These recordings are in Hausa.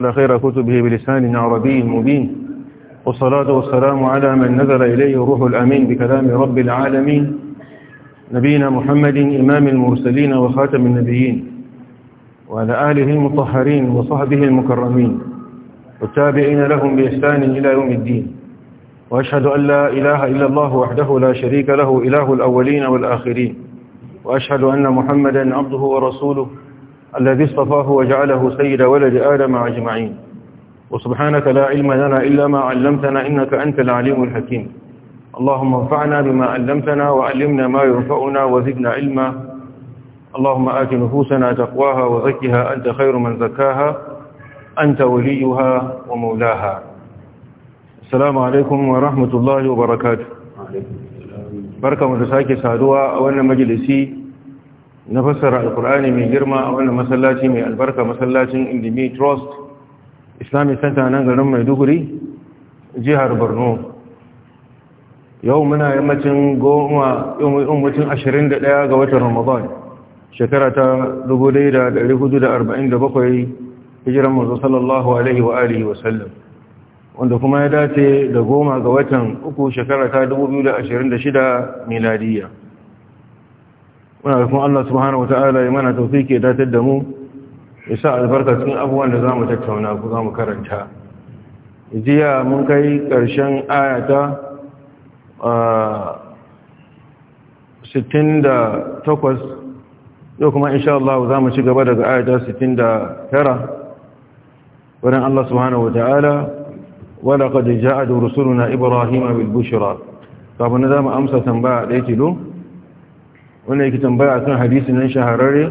لا خير كتبه بلسان عربي مبين والصلاة والسلام على من نزل إليه روح الأمين بكلام رب العالمين نبينا محمد إمام المرسلين وخاتم النبيين وعلى آله المطهرين وصحبه المكرمين والتابعين لهم بإحسان إلى يوم الدين وأشهد أن لا إله إلا الله وحده لا شريك له إله الأولين والآخرين وأشهد أن محمدا عبده ورسوله الذي اصطفاه وجعله سيد ولد آدم أجمعين وسبحانك لا علم لنا إلا ما علمتنا إنك أنت العليم الحكيم اللهم انفعنا بما علمتنا وعلمنا ما ينفعنا وزدنا علما اللهم آت نفوسنا تقواها وزكها أنت خير من زكاها أنت وليها ومولاها السلام عليكم ورحمة الله وبركاته barka mu da sake saduwa a wannan majalisi na fassara alkur'ani mai girma a wannan masallaci mai albarka masallacin indimi trust islamic center nan garin maiduguri jihar borno yau muna yammacin goma yammacin ashirin da ɗaya ga watan ramadan shekara ta dubu da da da hudu arba'in bakwai hijiran mazu sallallahu alaihi wa alihi wasallam wanda kuma ya dace da goma ga watan uku shekara ta 2026 miladiyya muna da kuma Allah subhanahu wata'ala ya mana tafi ke datar da mu ya sa albarka cikin abubuwan da za mu tattauna ku za mu karanta jiya mun kai ƙarshen ayata 68 yau kuma insha Allah za mu ci gaba daga ayata 69 wurin Allah subhanahu wata'ala wadda kwa da ja'adu na ibrahim abu bushira ta abu za mu amsa tambaya ɗaya tilo wannan yake tambaya kan hadisi nan shahararre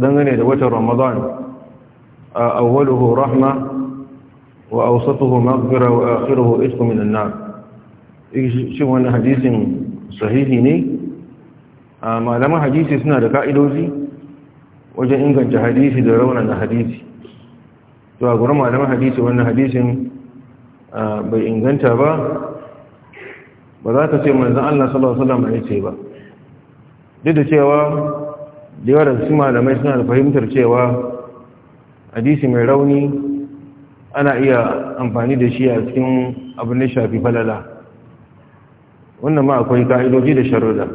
dangane da watan ramadan a awwaluhu rahma wa awsatuhu maghfira wa akhiruhu isqu minan nar shi wannan hadisin sahihi ne malaman hadisi suna da ka'idoji wajen inganta hadisi da raunana hadisi to a gurin malaman hadisi wannan hadisin bai inganta ba ba za ka ce manzan Allah sallallahu Alaihi wasallam a ce ba duk da cewa da yawa da su malamai suna da fahimtar cewa hadisi mai rauni ana iya amfani da shi a cikin abin da shafi falala wannan ma akwai ka'idoji da sharuda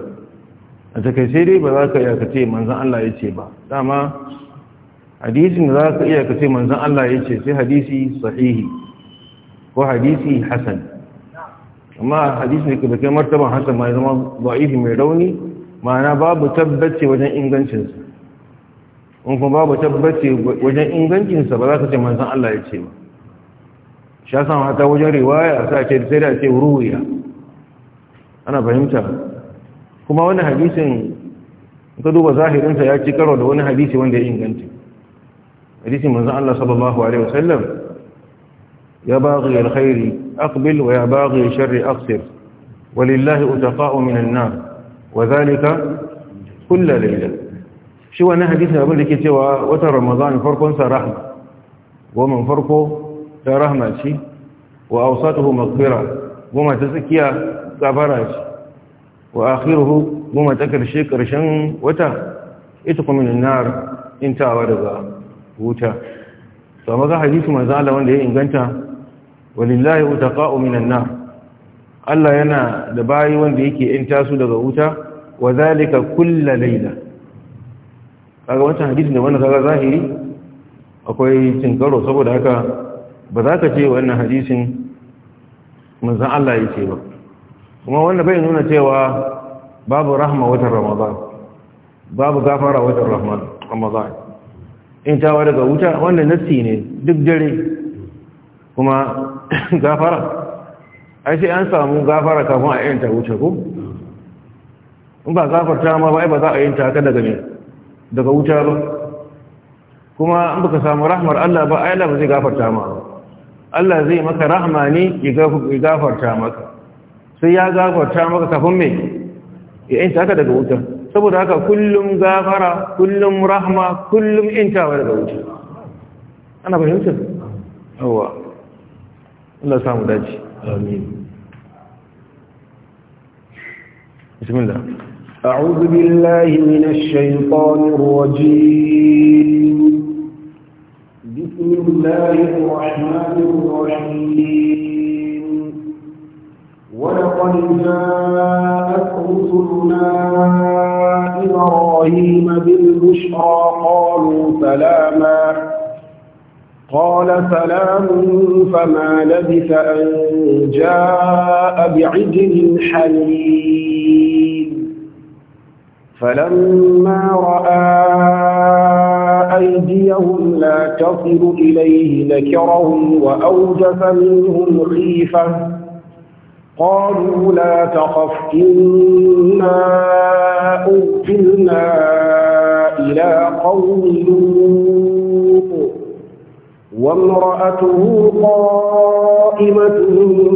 a sai dai ba za ka iya kace manzan Allah ya ce ba dama hadisin da za ka iya kace manzan Allah ya ce sai hadisi sahihi ko hadisi hasan amma hadisin da ke da kai martaban hasan ma ya zama da'ifi mai rauni ma'ana babu tabbace wajen ingancinsa in kuma babu tabbace wajen ingancinsa ba za ka ce manzan Allah ya ce ba sha sama hata wajen riwaya sa ce sai da ce ruwiya ana fahimta kuma wani hadisin ka duba zahirinsa ya ci karo da wani hadisi wanda ya inganta hadisin manzan Allah sallallahu alaihi wasallam ya baghi alkhairi aqbil wa ya baghi sharri aqsir walillahi utaqa'u minan nar wa zalika kullu layla shi wannan hadisi abin da ke cewa watan ramadan farkon sa rahma goma farko ta rahma ce wa awsatuhu maghfira goma ta tsakiya gabara ce wa akhiruhu goma ta karshe karshen wata ita kuma min nar intawa daga wuta to maza hadisi manzo Allah wanda ya inganta walillahi utaqa'u minan nar Allah yana da bayi wanda yake in tasu daga wuta wa zalika kulla laila kaga wancan hadisin da wannan kaga zahiri akwai tinkaro saboda haka ba za ka ce wannan hadisin manzon Allah yake ba kuma wannan bai nuna cewa babu rahma wata ramadan babu gafara rahman ramadan in tawa daga wuta wannan nassi ne duk dare kuma gafara ai sai an samu gafara kafin a yin ta wuce ko in ba gafarta ma ba ai ba za a yin ta haka daga ne daga wuta ba kuma in baka samu rahmar Allah ba ai Allah ba zai gafarta ma Allah zai maka rahma ne ya gafarta maka sai ya gafarta maka kafin me ya yin ta haka daga wuta saboda haka kullum gafara kullum rahma kullum intawa daga wuta ana fahimtar yawa Allah samu dace amin بسم الله أعوذ بالله من الشيطان الرجيم بسم الله الرحمن الرحيم ولقد جاء سلام فما لبث أن جاء بعجل حليم فلما رأى أيديهم لا تصل إليه نكرهم وأوجس منهم خيفة قالوا لا تخف إنا أرسلنا إلى قوم لوط وامرأته قائمة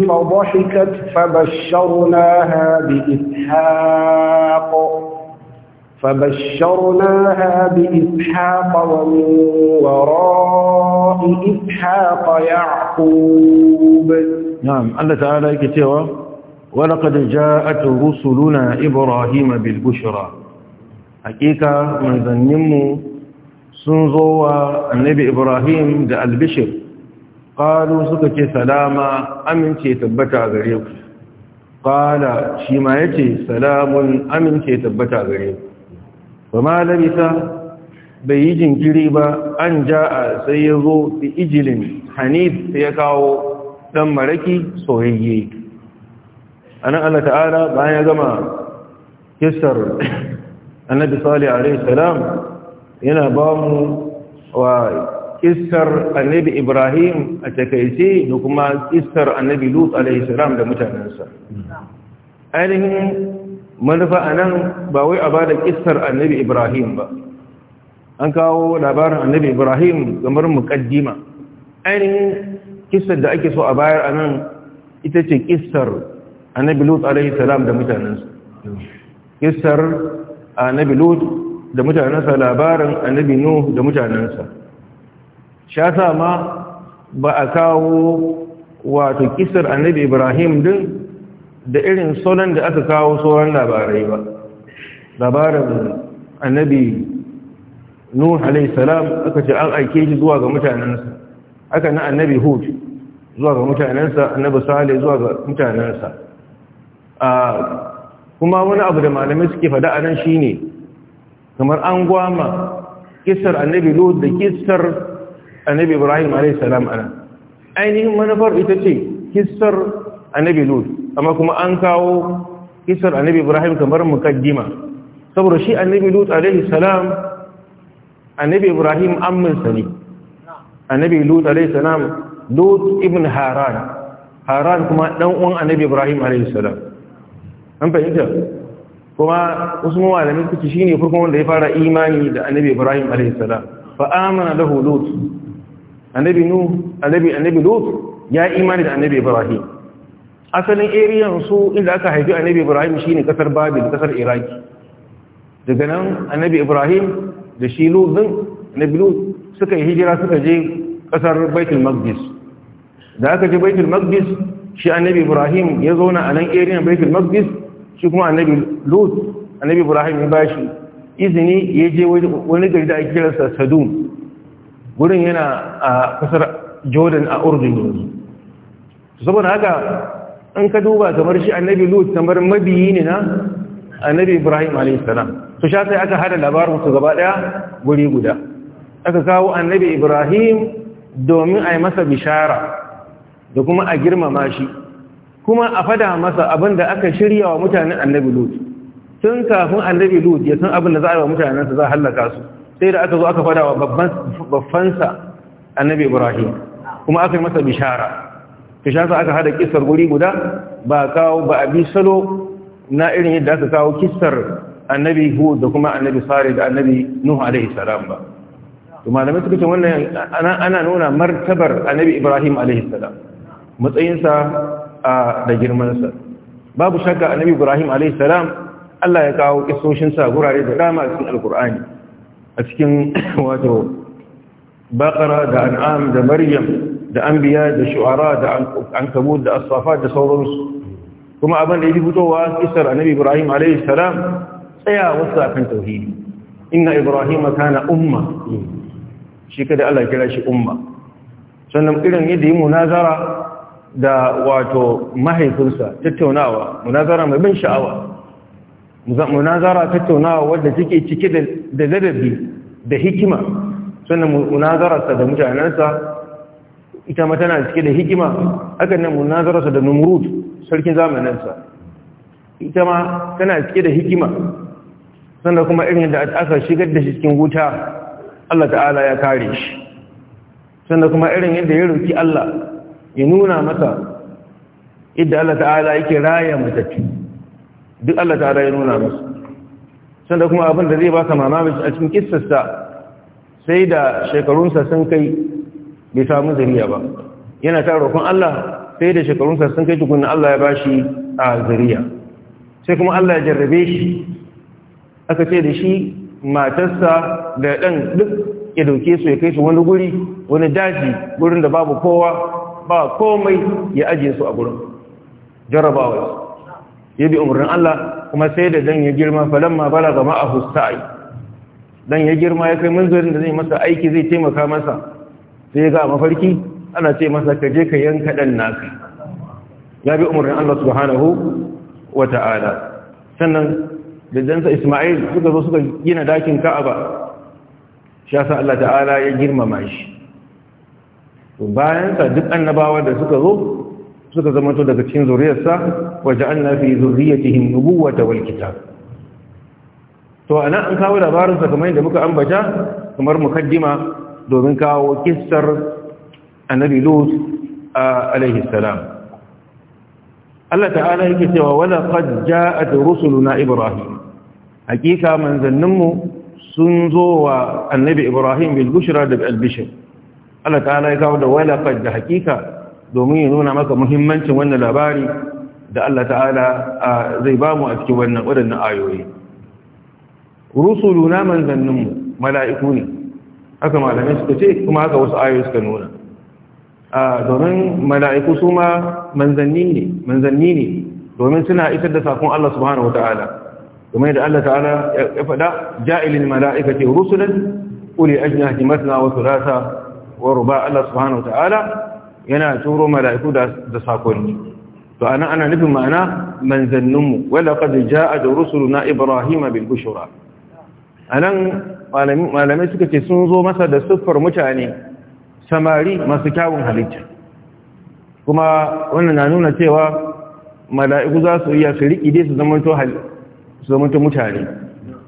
فضحكت فبشرناها بإسحاق فبشرناها بإسحاق ومن وراء إسحاق يعقوب نعم الله تعالى كثيرا ولقد جاءت رسلنا إبراهيم بالبشرى حقيقة من ذنمه sun zo wa annabi ibrahim da albishir ƙalu suka ce salama amince tabbata a gare ku ƙala shi ma ya ce salamun amince tabbata a gare ku ba ma labisa bai yi jinkiri ba an ja'a sai ya zo fi ijilin hanif ya kawo ɗan maraki soyayye a nan allah ta'ala bayan ya gama kisar annabi salih alaihi salam yana ba mu wa kistar annabi ibrahim a takaice da kuma kistar annabi lut alaihissalam da mutanensa ainihin manufa a nan ba wai a ba da kissar annabi ibrahim ba an kawo labarin annabi ibrahim kamar mukaddima ainihin kistar da ake so a bayar a nan ita ce kistar annabi lut alaihissalam da mutanensa kissar annabi lut da mutanensa labarin annabi nuhu da mutanensa sha sa ma ba a kawo wato kisar annabi ibrahim din da irin sonan da aka kawo sauran labarai ba labarin annabi nuhu alaihissalam aka ce an aike shi zuwa ga mutanensa aka na annabi hud zuwa ga mutanensa annabi sale zuwa ga mutanensa ah, kuma wani abu da malamai suke fada a nan shine kamar an gwama kisar annabi lut da kisar annabi ibrahim a.s. ainihin manufar ita ce kisar annabi lut amma kuma an kawo kisar annabi ibrahim kamar mukaddima saboda shi annabi lut alayhi salam annabi ibrahim amminsa ne annabi lut a.s. salam ibn haran haran kuma dan uwan annabi ibrahim a.s. an fahimta kuma usman malamin kuke shine farkon wanda ya fara imani da annabi ibrahim alaihi salam fa amana lahu lut annabi nu annabi annabi lut ya imani da annabi ibrahim asalin area su inda aka haifi annabi ibrahim shine kasar babil kasar iraki daga nan annabi ibrahim da shi lut din annabi lut suka yi hijira suka je kasar baitul maqdis da aka je baitul maqdis shi annabi ibrahim ya zo na anan area baitul maqdis shi kuma annabi lut annabi ibrahim ya bashi izini ya je wani gari da ake kiransa sadum gurin yana a kasar jordan a urdun yanzu saboda haka an ka duba kamar shi annabi lut kamar mabiyi ne na annabi ibrahim alaihissalam su sha sai aka hada labarin su gaba daya guri guda aka kawo annabi ibrahim domin a yi masa bishara da kuma a girmama shi kuma a fada masa abin da aka shirya wa mutanen annabi lut tun kafin annabi lut ya san abin da za a yi wa mutanensa za a hallaka su sai da aka zo aka fada wa babbansa annabi ibrahim kuma aka yi masa bishara bishara aka hada kisar guri guda ba kawo ba a bi salo na irin yadda aka kawo kisar annabi hud da kuma annabi Sare da annabi nuhu alaihi salam ba to malamai suka ce wannan ana nuna martabar annabi ibrahim alaihi salam matsayinsa da girmansa babu shakka annabi ibrahim alayhi salam Allah ya kawo kisoshin sa gurare da dama a cikin alkur'ani a cikin wato baqara da an'am da maryam da anbiya da shu'ara da ankabut da as-safat da sauransu kuma abin da yake fitowa kisar annabi ibrahim alayhi salam tsaya wasu akan tauhidi inna ibrahim kana umma shi kada Allah ya kira shi umma sannan irin yadda yi munazara da wato mahaifinsa tattaunawa munazara mai bin sha'awa munazara tattaunawa wadda take cike da ladabi da hikima sannan munazararsa da mutanensa ita ma tana cike da hikima hakan nan munazararsa da numrud sarkin zamaninsa ita ma tana cike da hikima sannan kuma irin da aka shigar da shi cikin wuta Allah ta'ala ya kare shi sannan kuma irin yadda ya roki Allah ya nuna masa idda Allah ta'ala yake raya matattu duk Allah ta'ala ya nuna masa Sanda kuma abin da zai baka mamami a cikin kissarsa sai da shekarunsa sun kai bai samu zariya ba yana ta roƙon Allah sai da shekarunsa sun kai tukunan Allah ya bashi a zariya. sai kuma Allah ya jarrabe shi aka ce da shi matarsa da ɗan duk ya dauke su ya kai su wani guri wani daji gurin da babu kowa ba komai ya ajiye su a gurin jarabawa ya bi umarnin Allah kuma sai da dan ya girma falamma balaga a sa'i dan ya girma ya kai munzirin da zai masa aiki zai taimaka masa sai ga mafarki ana ce masa ka je ka yanka dan ya bi umarnin Allah subhanahu wa ta'ala sannan da jansa Isma'il suka zo suka gina dakin Ka'aba shi yasa Allah ta'ala ya girmama shi bayansa duk annabawa da suka zo suka zama to daga cikin zuriyarsa waje an nafi zuriyatihim nubuwata wal kitab to ana an kawo labarin sa kamar yadda muka ambata kamar mukaddima domin kawo kissar annabi lut alaihi salam Allah ta'ala yake cewa wala qad ja'at rusuluna ibrahim hakika manzanninmu sun zo wa annabi ibrahim bil bushra da bil bishr Allah ta'ala ya kawo da walaqad da hakika domin ya nuna maka muhimmancin wannan labari da Allah ta'ala zai ba mu a cikin wannan waɗannan ayoyi rusuluna manzanninmu mala'iku ne haka malamai suka ce kuma haka wasu ayoyi suka nuna domin mala'iku su ma manzanni ne domin suna isar da sakon Allah subhanahu wata'ala domin da Allah ta'ala ya faɗa ja'ilin mala'ika ce rusulan uli ajiyar matna wasu rasa wa Allah subhanahu ta'ala yana turo mala'iku da sakonni to ana ana nufin ma'ana manzanninmu wala qad ja'a rusuluna ibrahima bil A anan malamai suka ce sun zo masa da siffar mutane samari masu kyawun halitta kuma wannan na nuna cewa mala'iku za su iya su riƙi dai su zamanto mutane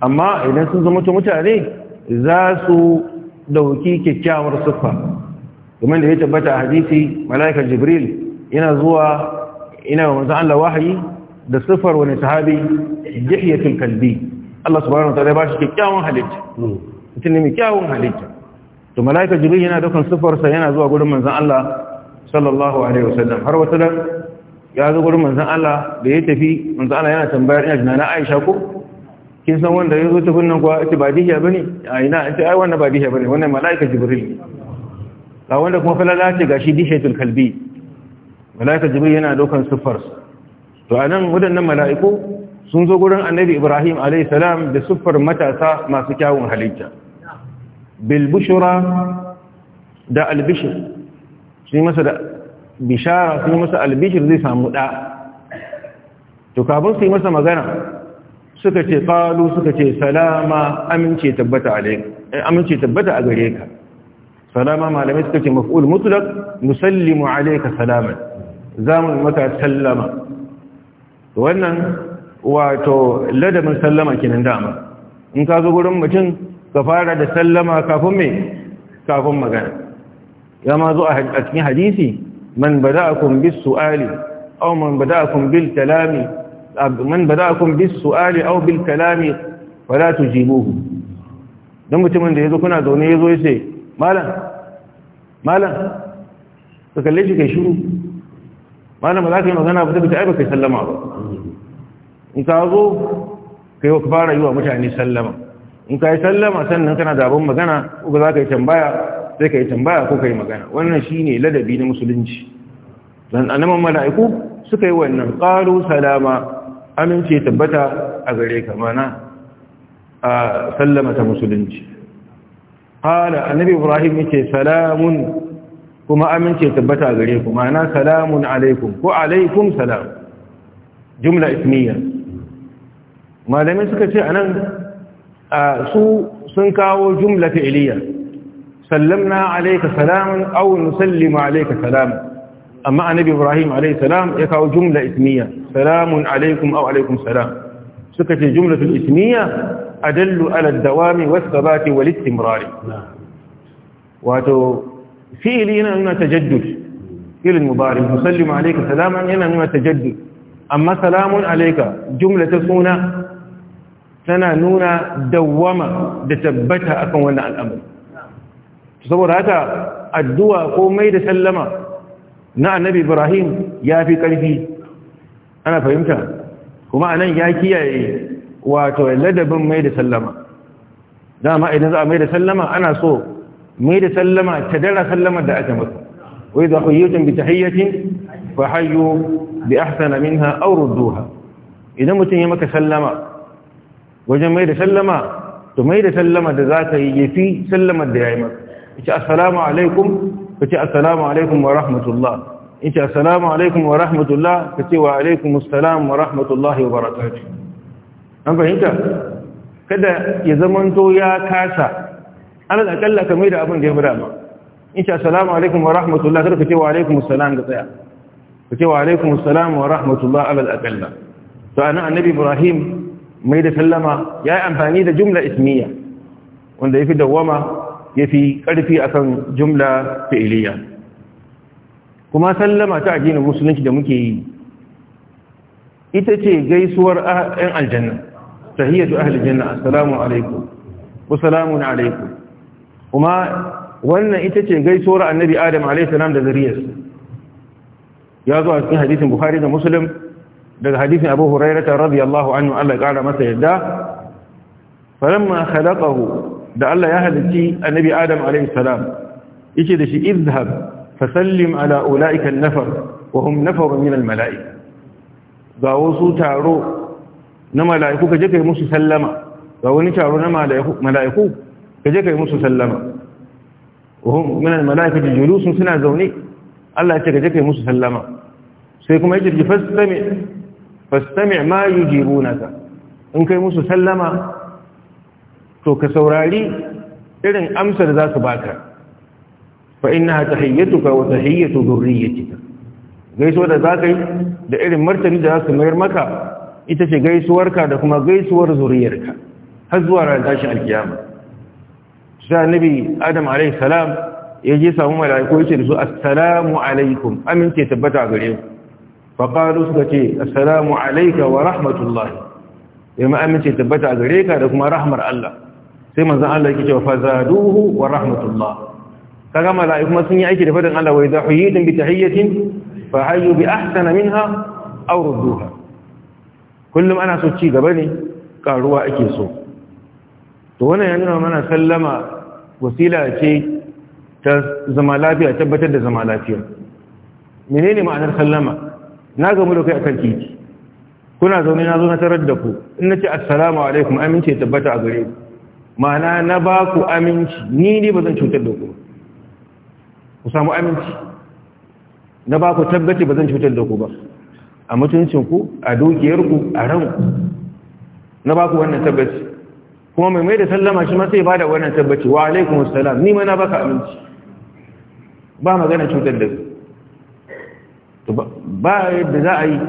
amma idan sun zamanto mutane za su dauki kyakkyawar siffa kuma da ya tabbata a hadisi malaika jibril yana zuwa ina manzo Allah wahayi da siffar wani sahabi dihiyatul kalbi Allah subhanahu wa ta'ala ba shi kyakkyawan halitta mutum ne mai kyawun halitta to malaika jibril yana daukan siffar sa yana zuwa gurin manzon Allah sallallahu alaihi wasallam har wata ya zo gurin manzon Allah da ya tafi manzon Allah yana tambayar ina jina Aisha ko kin san wanda ya zo ta kunnan kuwa ita ba dihiya bane a ina ita ai wannan ba dihiya bane wannan mala'ika jibril ne ga wanda kuma falala ce gashi dihiyatul kalbi mala'ika jibril yana daukan sufar to anan wadannan mala'iku sun zo gurin annabi ibrahim alayhi salam da sufar matasa masu kyawun halitta bil bushra da al bishr shi masa da bishara shi masa al bishr zai samu da to kafin su yi masa magana suka ce qalu suka ce salama amince tabbata alayka eh, amince tabbata a gare ka salama malamai suka ce maf'ul mutlaq musallimu alayka salaman zamu maka sallama wannan wato ladabin sallama kenan dama in ka zo gurin mutum ka fara da sallama kafin me kafin magana ya ma zo a cikin hadisi man bada'akum bis su'ali aw man bada'akum bil kalami man bada'akum bis su'ali aw bil kalami fala tujibuhu dan mutumin da yazo kuna zaune ya zo ya yace malam malam ka kalle shi kai shiru malam ba za ka yi magana ba tabbata ai ba kai sallama ba in ka zo kai ka fara yi wa mutane sallama in ka yi sallama sannan kana da abin magana ko za ka yi tambaya sai ka yi tambaya ko ka yi magana wannan shi ne ladabi na musulunci dan annaban mala'iku suka yi wannan ƙaro salama amince tabbata a gare ka mana a sallama ta musulunci qala annabi ibrahim yake salamun kuma amince tabbata a gare ku mana salamun alaikum ko alaikum salam jumla ismiya malamai suka ce anan su sun kawo jumla fi'liya sallamna alayka salamun aw nusallimu alayka salam amma annabi ibrahim alayhi salam ya kawo jumla ismiya salamun alaikum aw alaikum salam suka ce jumlatul ismiya adallu ala dawami was sabati wal istimrar wato fi'li yana nuna tajaddud fi'l mubarak musallimu alayka salaman yana nuna tajaddud amma salamun alayka jumla ta suna tana nuna dawama da tabbata akan wannan al'amari saboda haka addu'a ko mai da sallama na annabi ibrahim ya fi ƙarfi ana fahimta kuma anan ya kiyaye wato ladabin mai da sallama dama idan za a mai da sallama ana so mai da sallama ta dara sallama da aka masa wai za ku yi yutun bi tahiyyatin fa hayyu bi ahsana minha aw rudduha idan mutum ya maka sallama wajen mai da sallama to mai da sallama da za ka yi yafi sallamar da ya yi maka yace assalamu alaikum kace assalamu alaikum wa rahmatullah ita assalamu alaikum wa rahmatullah ka ce wa alaikum assalam wa rahmatullahi wa barakatuh an fahimta kada ya zamanto ya kasa alal akalla ka mai da abin da ya fada ma insha assalamu alaikum wa rahmatullah kada ka ce wa alaikum assalam ga tsaya ka ce wa alaikum assalam wa rahmatullah alal akalla to ana annabi ibrahim mai da sallama ya yi amfani da jumla ismiya wanda ya fi dawama ya fi ƙarfi akan jumla filiya. kuma sallama ta addinin musulunci da muke yi ita ce gaisuwar 'yan aljanna tahiyatu ahli janna assalamu alaikum wa salamun alaikum kuma wannan ita ce gaisuwar annabi adam alaihi salam da zariyarsa ya zo a cikin hadisin bukhari da muslim daga hadisin abu hurairata radiyallahu anhu Allah ya kara masa yadda falamma khalaqahu da Allah ya halicci annabi adam alaihi salam yace da shi izhab fasallim ala ula'ikan nafar wa hum nafarun min almala'ika ga wasu taro na mala'iku ka je kai musu sallama ga wani taro na mala'iku ka je kai musu sallama wa hum min almala'ikati julusun suna zaune Allah ya ce ka je kai musu sallama sai kuma yace fastami fastami ma yi yujibunaka in ka yi musu sallama to ka saurari irin amsar za su baka fa innaha tahiyyatuka wa tahiyyatu dhurriyyatika gaisuwa da zaka yi da irin martani da zasu mayar maka ita ce gaisuwarka da kuma gaisuwar zuriyarka har zuwa ran tashin alkiyama sai annabi adam alayhi salam ya je samu malaiku yace da su assalamu alaikum amince tabbata gare ku fa qalu suka ce assalamu alayka wa rahmatullah ya ma amince tabbata gare ka da kuma rahmar Allah sai manzon Allah yake cewa fazaduhu wa rahmatullah kaga mala'iku kuma sun yi aiki da fadin Allah wa idha huyitum bi tahiyatin fa hayyu bi ahsana minha aw rudduha kullum ana so ci gaba ne karuwa ake so to wannan ya nuna mana sallama wasila ce ta zama lafiya tabbatar da zama lafiya menene ma'anar sallama na gamu da kai akan titi kuna zaune na zo na tarar da ku in nace assalamu alaikum amince tabbata a gare ku ma'ana na ba ku aminci ni ne bazan cutar da ku ku samu aminci na ba ku tabbaci ba zan cutar da ku ba a mutuncinku a dukiyarku a ranku na ba ku wannan tabbaci kuma mai mai da sallama shi ma ba da wannan tabbaci wa alaikum salam" ni mana na baka aminci ba magana cutar da ku ba yadda za a yi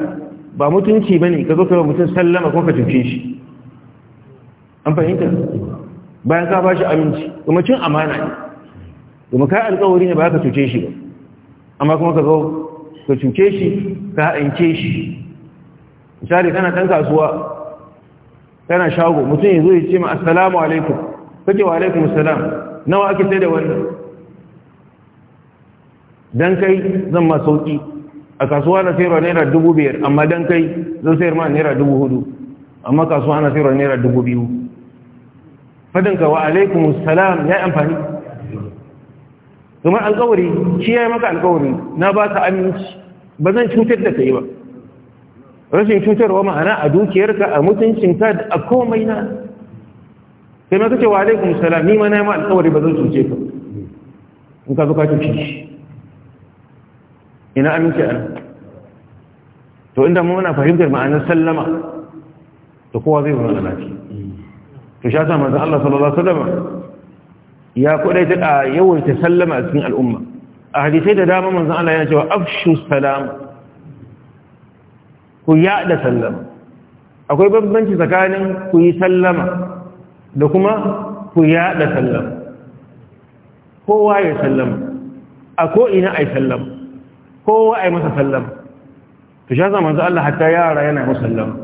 ba mutunci ba ne ka zo ka mutum sallama kuma ka cuce shi an fahimta bayan ka ba shi aminci kuma cin amana ne kuma ka alƙawari ne ba ka cuce shi ba amma kuma ka zo ka cuce shi ka ha'ince shi misali kana ɗan kasuwa kana shago mutum ya zo ya ce ma assalamu alaikum kake wa alaikum assalam nawa ake sai da wannan dan kai zan ma sauki a kasuwa na sayarwa naira dubu biyar amma dan kai zan sayar ma naira dubu hudu amma kasuwa na sayarwa naira dubu biyu fadinka wa alaikum salam ya amfani kuma alƙawari shi ya yi maka alƙawari na ba ka aminci ba zan cutar da ka yi ba rashin cutarwa ma'ana a dukiyarka a mutuncinka da a komai na sai maka ce wa alaikum salam ni ma na yi ma alƙawari ba zan cuce ka in ka zo ka cuce shi ina aminci ana to inda mu muna fahimtar ma'anar sallama to kowa zai zama da lafiya to shi ya sa manzon Allah sallallahu alaihi wasallam ya kudai ta a yawaita sallama a cikin al'umma a hadisai da dama manzan Allah yana cewa afshu salama ku yaɗa sallama akwai babbanci tsakanin ku yi sallama da kuma ku yaɗa sallama kowa ya sallama a ko'ina a yi sallama kowa a yi masa sallama ta shaza manzan Allah hatta yara yana musallama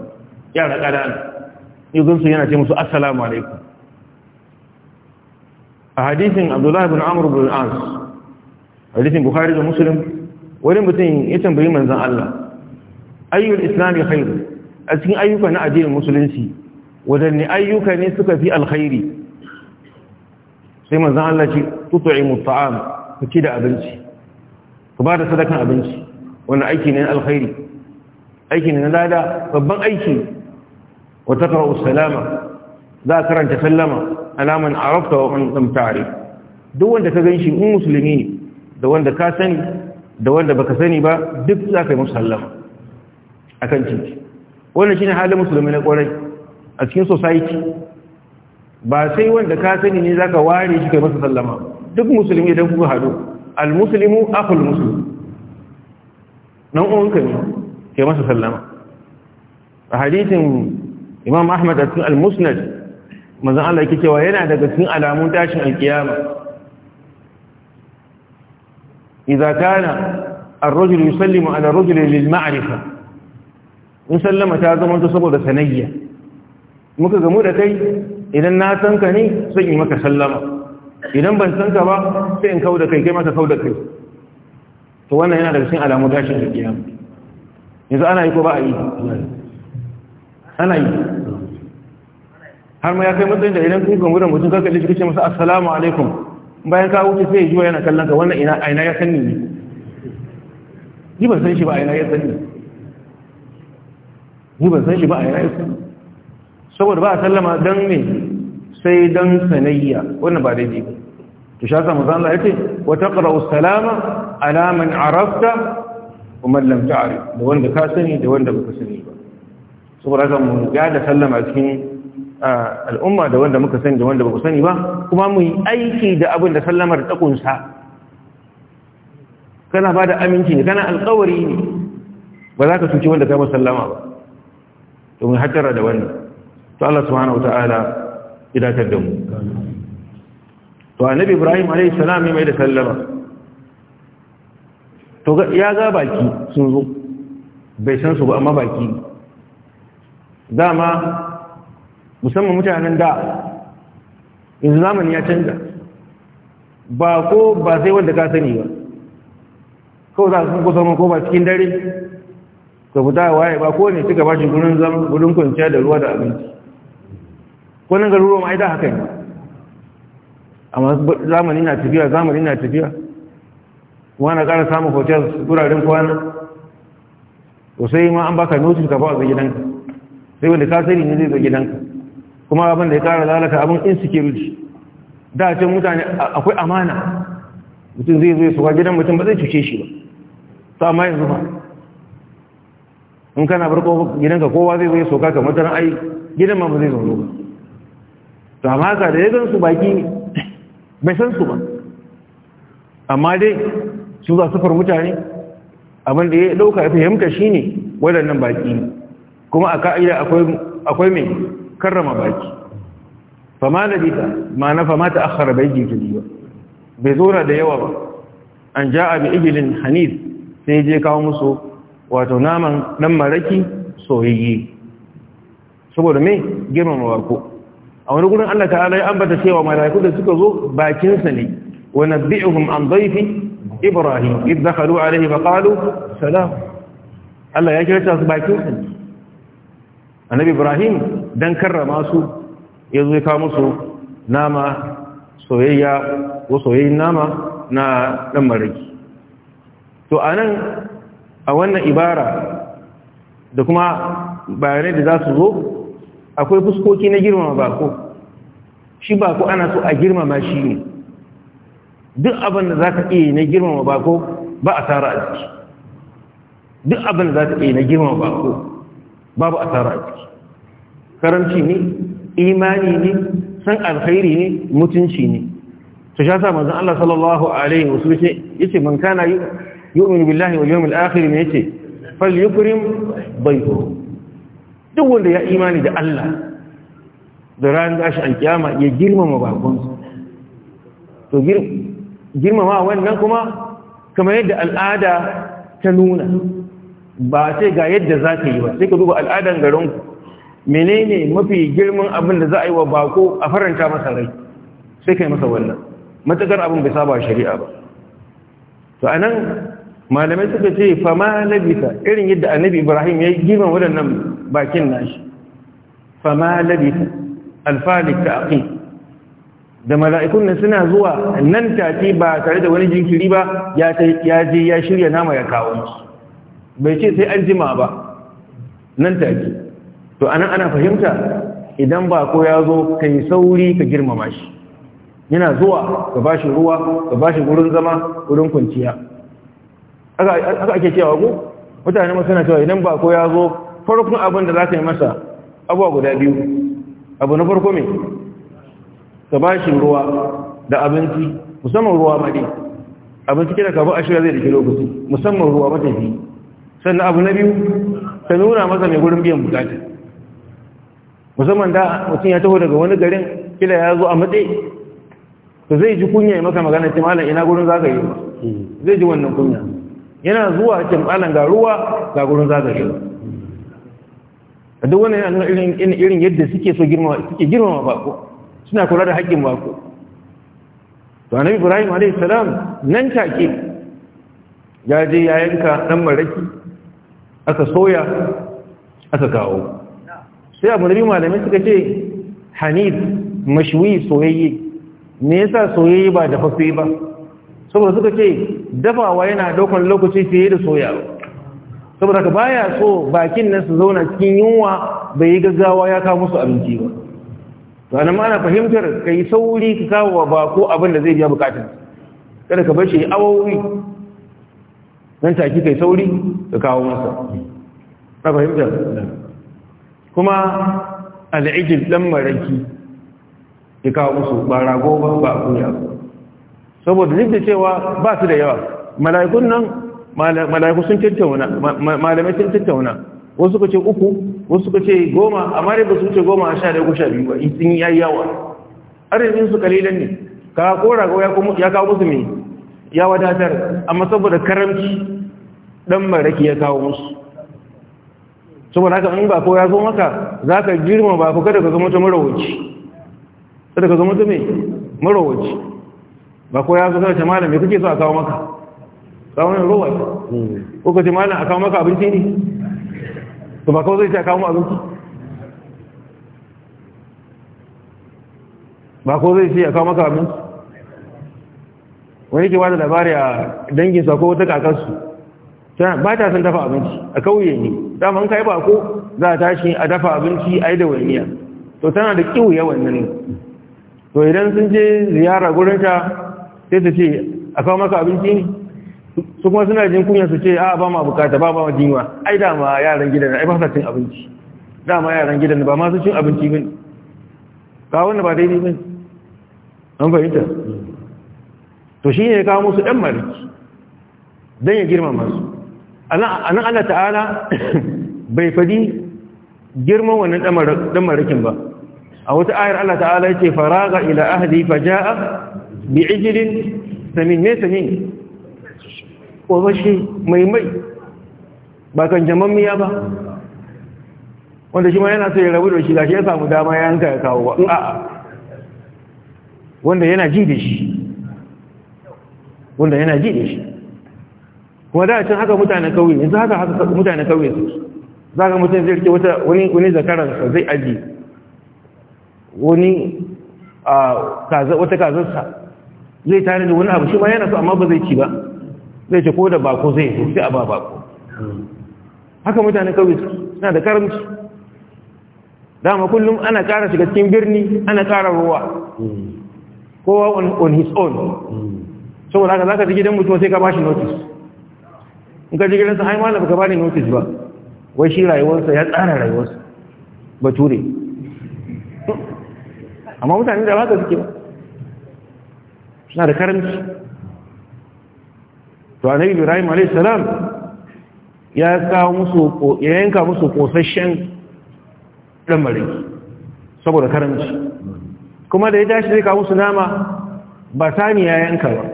yara ƙanan yugunsu yana ce musu assalamu alaikum a hadisin abdullahi bin amur bin as hadisin bukhari da muslim wani mutum ya tambayi manzan allah ayyul islami khairu a cikin ayyuka na addinin musulunci wadanne ayyuka ne suka fi alkhairi sai manzan allah ce tutu'imu ta'am ku ci da abinci ka bada sadakan abinci wannan aiki ne na alkhairi aiki ne na lada babban aiki wa taqra'u salama za a karanta sallama alaman arafta wa man lam ta'rif duk wanda ka ganshi in musulmi ne da wanda ka sani da wanda baka sani ba duk za ka yi musu sallama akan titi wannan shine halin musulmi na kwarai a cikin society ba sai wanda ka sani ne zaka ware shi kai masa sallama duk musulmi idan kuka al almuslimu akhul muslim nan uwanka ne kai masa sallama a hadisin imam ahmad a cikin almusnad manzon Allah yake cewa yana daga cikin alamun tashin alkiyama idza kana ar-rajul yusallimu ala ar-rajul lil ma'rifa in sallama ta zama to saboda sanayya muka gamu da kai idan na san ka ne sai yi maka sallama idan ban san ka ba sai in kauda kai kai maka kauda kai to wannan yana daga cikin alamun tashin alkiyama yanzu ana yi ko ba a yi ana yi har ma ya kai matsayin da idan kai gangura mutum ka kalli ce kace masa assalamu alaikum bayan ka wuce sai ya ji yana kallon ka wannan ina aina ya sani ne ni ban san shi ba aina ya sani ni ban san shi ba aina ya sani saboda ba a sallama dan me sai dan sanayya wannan ba daidai ba to shi yasa manzo Allah yace wa taqra'u salama ala man arafta wa man lam ta'rif da wanda ka sani da wanda baka sani ba saboda haka mu ga da sallama cikin al'umma da wanda muka sani da wanda ba sani ba kuma mu yi aiki da abin da sallamar takunsa kana ba da aminci ne kana alkawari ne ba za ka cuci wanda ka sallama ba to mu hajjara da wannan to Allah subhanahu wataala idatar da mu to annabi Ibrahim alayhi salam mai da sallama to ya ga baki sun zo bai san su ba amma baki dama musamman mutanen da yanzu zamani ya canza ba ko ba sai wanda ka sani ba kawai za su kusa ko ba cikin dare ka fita waye ba ko ne suka bashi gurin zama gurin kwanciya da ruwa da abinci ko nan garuruwa ma da haka ne amma zamani na tafiya zamani na tafiya kuma na ƙara samun hotel guraren kwana ko sai ma an baka notice ka ba a gidanka sai wanda ka sani ne zai zo gidanka kuma abin da ya kara lalata abin insecurity da can mutane akwai amana mutum zai zo ya suwa gidan mutum ba zai cuce shi ba ta amma yanzu ba in kana bar gidanka kowa zai zo ya soka kamar tana ai gidan ma ba zai zaune ba ta amma haka da ya gan su baki bai san su ba amma dai su za su far mutane abin da ya dauka ya fahimta shine waɗannan baki kuma a ka'ida akwai mai karrama baki fama da bita ma'ana fama ta akhara bai jinkiri ba bai zora da yawa ba an ja'a bi ibilin hanif sai je kawo musu wato naman dan maraki soyayye saboda me girmama wako a wani gurin Allah ta'ala ya ambata cewa malaiku da suka zo bakinsa ne wa nabbi'uhum an dhayfi ibrahim idh dakhalu alayhi fa qalu salam Allah ya kira su bakinsa ne annabi ibrahim dan karrama su yanzu ya kawo musu nama soyayya ko soyayyen nama na dan maraki to anan a wannan ibara da kuma bayanai da za su zo akwai fuskoki na girmama bako shi bako ana so a girmama shi ne duk abin da za ka iya na girmama bako ba a tara a ciki duk abin da za ka iya na girmama bako babu a tara a ciki Karanci ne imani ne san alkhairi ne mutunci ne to ya sa manzon Allah sallallahu alaihi wasallam yace man kana yu'minu billahi wal yawmil akhir ne yace falyukrim baytahu duk wanda ya imani da Allah da ran gashi kiyama ya girmama bakonsa to girmama wannan kuma kamar yadda al'ada ta nuna ba sai ga yadda za ka yi ba sai ka duba al'adan garinku menene mafi girman abin da za a yi wa bako a faranta masa rai sai kai masa wannan matakar abin bai saba shari'a ba to anan malamai suka ce fama labisa irin yadda annabi ibrahim ya yi girman waɗannan bakin nashi fama labisa alfalik ta da mala'ikun nan suna zuwa nan take ba tare da wani jinkiri ba ya je ya shirya nama ya kawo bai ce sai an jima ba nan take to anan ana fahimta idan ba ko ya zo kai sauri ka girmama shi yana zuwa ka bashi ruwa ka bashi gurin zama gurin kwanciya aka ake cewa ko mutane masu cewa idan ba ko ya zo farkon abin da za ka yi masa abuwa guda biyu abu na farko mai ka bashi ruwa da abinci musamman ruwa maɗi abinci kira ka ashirar zai dake lokaci musamman ruwa matafi sannan abu na biyu ta nuna masa mai gurin biyan bukatar musamman da mutum ya taho daga wani garin kila ya zo a matse to zai ji kunya ya maka magana ce malam ina gurin za ka yi ba zai ji wannan kunya yana zuwa ce malam ga ruwa ga gurin zagaye ba a duk wani yana nuna irin yadda suke so girmama bako suna kula da haƙƙin bako to anabi ibrahim a.s. nan take ya je ya yanka dan maraki aka soya aka kawo sai abu da biyu malamai suka ce hanif mashwi soyayye me yasa soyayye ba dafaffe ba saboda suka ce dafawa yana daukan lokaci fiye da soyawa saboda ka baya so bakin nan su zauna cikin yunwa bai yi gaggawa ya kawo musu abinci ba to anan ma ana fahimtar kai sauri ka kawo ba ko abin da zai biya bukatar kada ka bar shi awowi nan take kai sauri ka kawo masa ka fahimtar kuma al'ijil ɗan maraki ya kawo musu ba rago ba ba ba. saboda duk da cewa ba su da yawa mala'ikun nan sun tattauna malamai sun tattauna wasu ka ce uku wasu ka ce goma a mara ba su wuce goma a sha da ko sha biyu ba in sun yi yawa arzikin su kalilan ne ka ko rago ya kawo musu me ya wadatar amma saboda karamci ɗan maraki ya kawo musu saboda haka in ba ko ya zo maka za ka girma ba ku kada ka zama ta marawaci kada ka zama ta mai marawaci ba ko ya zo kada ta malam kuke so a kawo maka kawo ne rowa ko ka ta malam a kawo maka abinci ne to ba kawo zai ta a kawo abinci ba ko zai ce a kawo maka abinci wani ke wada labari a danginsa ko wata kakarsu ba ta son dafa abinci a kauye ne dama in kai ko za a tashi a dafa abinci a yi da wainiya to tana da kiwuya ne to idan sun je ziyara gurinta sai ta ce a kawo maka abinci ne su kuma suna jin kunya su ce a ba ma bukata ba ba ma jinwa ai dama yaran gidan ai ba sa cin abinci dama yaran gidan ba masu cin abinci bin ka wanda ba daidai bin an fahimta to shine ya kawo musu ɗan mariki don ya girmama su a nan Allah ta'ala bai fadi girman wannan ɗan ba a wata ayar Allah ta'ala ya ce faraga ila ahli faja'a bi ijilin samin ne samin ƙwazashi mai mai ba kan miya ba wanda shi ma yana so ya rabu da shi shi ya samu dama ya hanka ya kawo ba a'a wanda yana ji da shi wanda yana ji da shi kuma da cin haka mutanen kauye yanzu haka haka mutanen kauye su za ka mutum zai rike wata wani wani zakaran zai aji wani a kaza wata kazarsa zai tare da wani abu shi ma yana so amma ba zai ci ba zai ce ko da bako zai yi, sai a ba bako haka mutanen kauye su suna da karamci dama kullum ana kara shiga cikin birni ana kara ruwa kowa on his own hmm. saboda haka za ka ji gidan mutum sai ka bashi notice in ka ji sa haimala ba ka baka bani notice ba wai shi rayuwarsa ya tsara rayuwarsa bature amma mutane da ba ka suke ba suna da karanci to annabi ibrahim alayhi salam ya ya yanka musu kosashen damari saboda karanci kuma da ya tashi zai kawo su nama ba sani ya yanka ba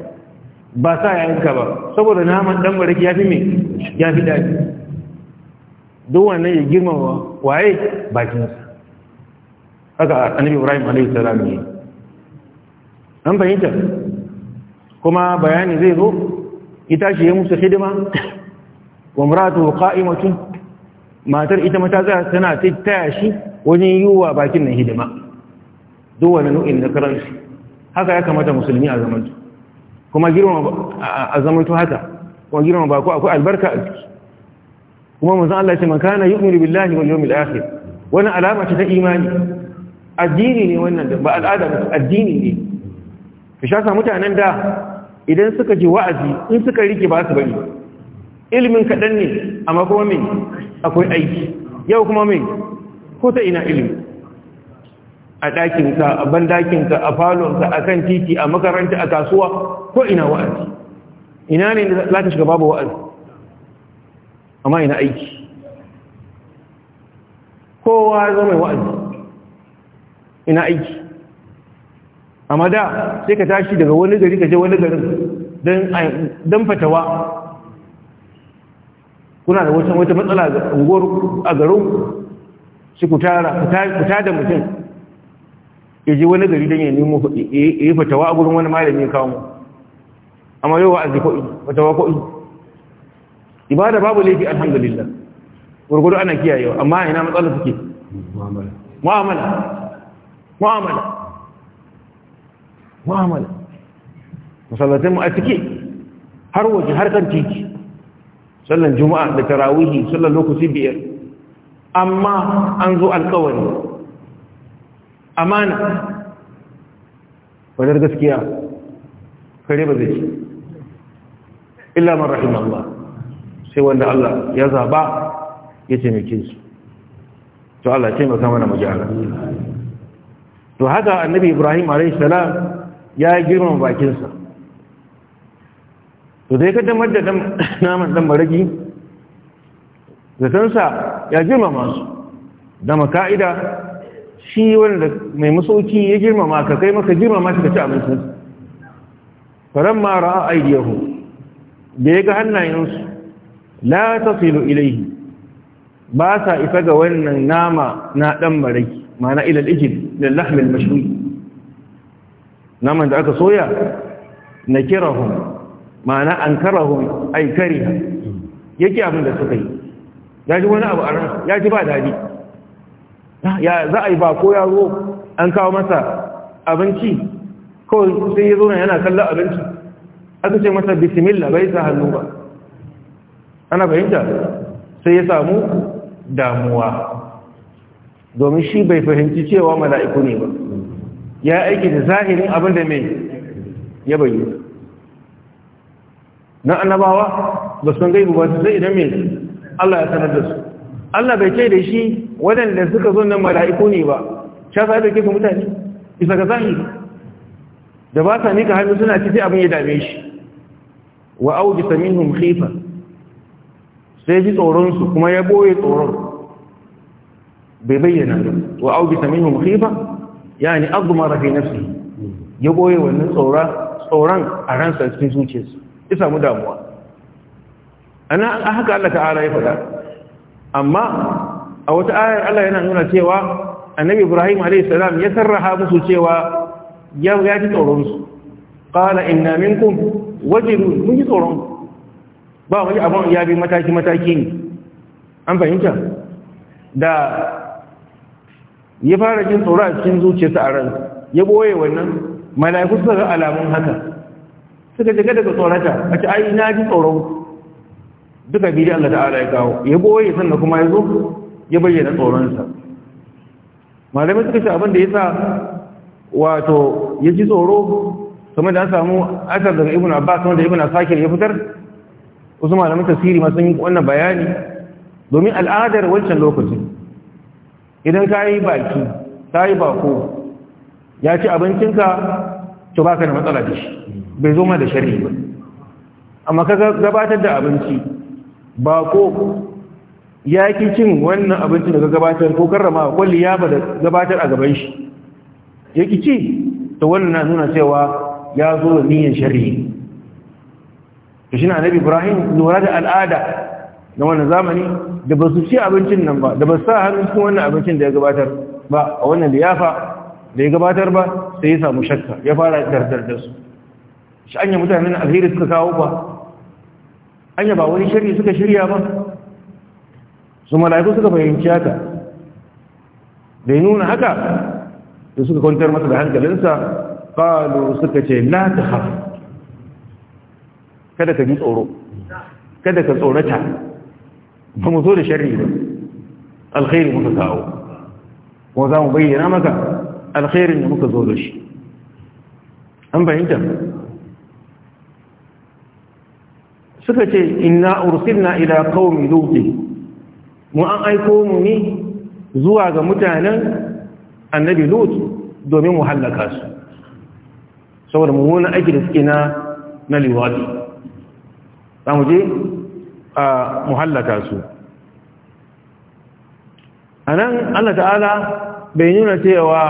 ba sa yanka ba saboda naman dan baraki yafi me yafi daɗi duk wannan ya girmama waye sa haka annabi ibrahim alaihi salam ne an fahimta kuma bayani zai zo ita shi ya musu hidima wa muratu qa'imatu matar ita mata za tana tattaya shi wajen yiwa bakin nan hidima duk wannan nau'in na karanci haka ya kamata musulmi a zamanin kuma girma a zamanto haka kuma girma ba ko akwai albarka a ciki kuma manzon Allah ya ce man kana yu'minu billahi wal yawmil akhir Wani alama ce ta imani addini ne wannan da ba al'ada ba addini ne ki shasa mutanen da idan suka ji wa'azi in suka rike ba su bari ilimin kaɗan ne amma kuma me akwai aiki yau kuma me ko ta ina ilimi a ɗakinka a bandakinka a falonka a kan titi a makaranta a kasuwa ko ina wa'azi ina ne za ka shiga babu wa'azi amma ina aiki kowa zama wa'azi ina aiki amma da sai ka tashi daga wani gari ka je wani garin don fatawa kuna da wata matsala a garin Shi ku tara ku tada mutum ya je wani gari don ya nemo ya yi fatawa a gurin wani malami ya kawo mu amma yau wa'azi ko'i fatawa ko'i ibada babu laifi alhamdulillah gurgudu ana kiyayewa amma ina matsala suke mu'amala mu'amala mu'amala masallatin mu a ciki har waje har kan titi sallan juma'a da tarawihi sallan lokaci biyar amma an zo alkawari amana wadar gaskiya kare ba zai ci illa man rahim Allah sai wanda Allah ya zaba ya taimake su to Allah taimaka mana mu to haka annabi Ibrahim alayhi salam ya girma bakin sa to dai ka damar da naman dan maraki sa ya girma masu da maka'ida shi wanda mai masauki ya girmama ka kai maka girmama shi ka ci abincin faran ma ra'a aidiyahu da ya ga hannayensu la tasilu ilaihi ba sa isa ga wannan nama na dan marai ma'ana ilal ijil ijl lil lahm al naman da aka soya nakirahum ma'ana ankarahum ay kariha yake abin da suka yi Ya ji wani abu a ran ji ba dadi ya za a yi ba ko yaro an kawo masa abinci kawai sai ya zo yana kallon abinci aka ce masa bismillah bai sa hannu ba ana fahimta sai ya samu damuwa domin shi bai fahimci cewa mala'iku ne ba ya aiki da zahirin abin da mai ya bayyana na annabawa ba sun gaibu ba sai idan mai Allah ya sanar da su Allah bai ce da shi waɗanda suka zo nan mala'iku ne ba sha sa da kika mutane isa ga zahiri da ba sa ka hannu suna ci abin ya dame shi wa auji saminhum khifa sai ji tsoron su kuma ya boye tsoron bai bayyana ba wa auji saminhum khifa yani azmara fi nafsi ya boye wannan tsora tsoron a ransa cikin zuciyarsa ya samu damuwa ana haka Allah ta'ala ya faɗa amma a wata ayar Allah yana nuna cewa annabi Ibrahim alayhi salam ya sarraha musu cewa ya ya ji tsoron su qala inna minkum wajidu mun ji tsoron ba wani abun ya bi mataki mataki ne an fahimta da ya fara jin tsoro a cikin zuciyarsa a ran, ya boye wannan mala'iku suka ga alamun haka suka daga daga tsorata a ce ai na ji tsoron duka biyu Allah ta'ala ya kawo ya boye sannan kuma ya zo ya bayyana tsoronsa malamai suka ce abin da ya sa wato ya ji tsoro kamar da an samu asar daga ibn abbas wanda ibn asakir ya fitar wasu malamin tasiri masu yi wannan bayani domin al'adar wancan lokaci idan ka yi baki ka yi bako ya ci abincinka to baka da matsala da shi bai zo ma da shari'i ba amma ka gabatar da abinci ko ya ki cin wannan abincin da gabatar ko karrama ko ba da gabatar a gaban shi ya ki ci to wannan na nuna cewa ya zo da niyyar shari'i to shi na nabi ibrahim lura da al'ada na wannan zamani da ba su ci abincin nan ba da ba sa hannun cikin wannan abincin da ya gabatar ba a wannan liyafa da ya gabatar ba sai ya samu shakka ya fara dardar da su shi anya mutanen alheri suka kawo ba anya ba wani shiri suka shirya ba su mala'iku suka fahimci haka da yi nuna haka da suka kwantar masa da hankalinsa kalu suka ce na ta haf kada ka ji tsoro kada ka tsorata ba mu zo da shari ba alkhairi muka kawo kuma za mu bayyana maka alkhairin ne muka zo da shi an fahimta suka ce inna ursilna ila qaumi lutin mu an aiko mu ne zuwa ga mutanen annabi lut domin mu halaka su saboda mummunan aiki da suke na na liwadi za mu je a mu halaka su a nan allah ta'ala bai nuna cewa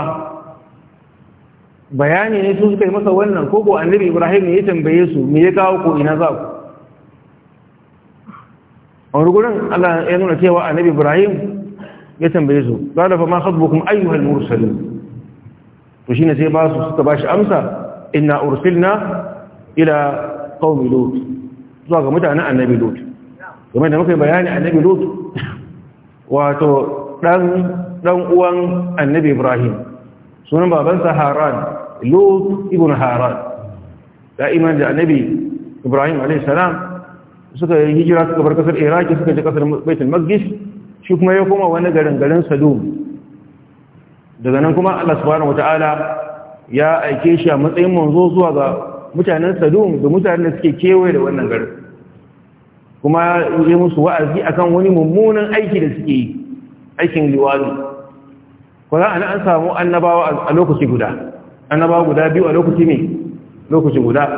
bayani ne su suka yi masa wannan koko annabi ibrahim ne ya tambaye su me ya kawo ko ina za ku a wani Allah ya nuna cewa annabi Ibrahim ya tambaye su qala fa ma khatbukum ayyuha al-mursalin to shine sai ba su suka bashi amsa inna ursilna ila qaumi lut zuwa ga mutanen annabi lut kuma da muke bayani annabi lut wato dan dan uwan annabi Ibrahim sunan babansa Haran lut ibn Haran da iman da annabi Ibrahim alayhi salam suka yi hijira suka bar kasar iraki suka je kasar baitul maqdis shi kuma ya koma wani garin garin sadum daga nan kuma Allah subhanahu wataala ya aike shi a matsayin manzo zuwa ga mutanen sadum da mutanen da suke kewaye da wannan garin kuma yi musu wa'azi akan wani mummunan aiki da suke yi aikin liwali kuma ana an samu annabawa a lokaci guda annabawa guda biyu a lokaci ne lokaci guda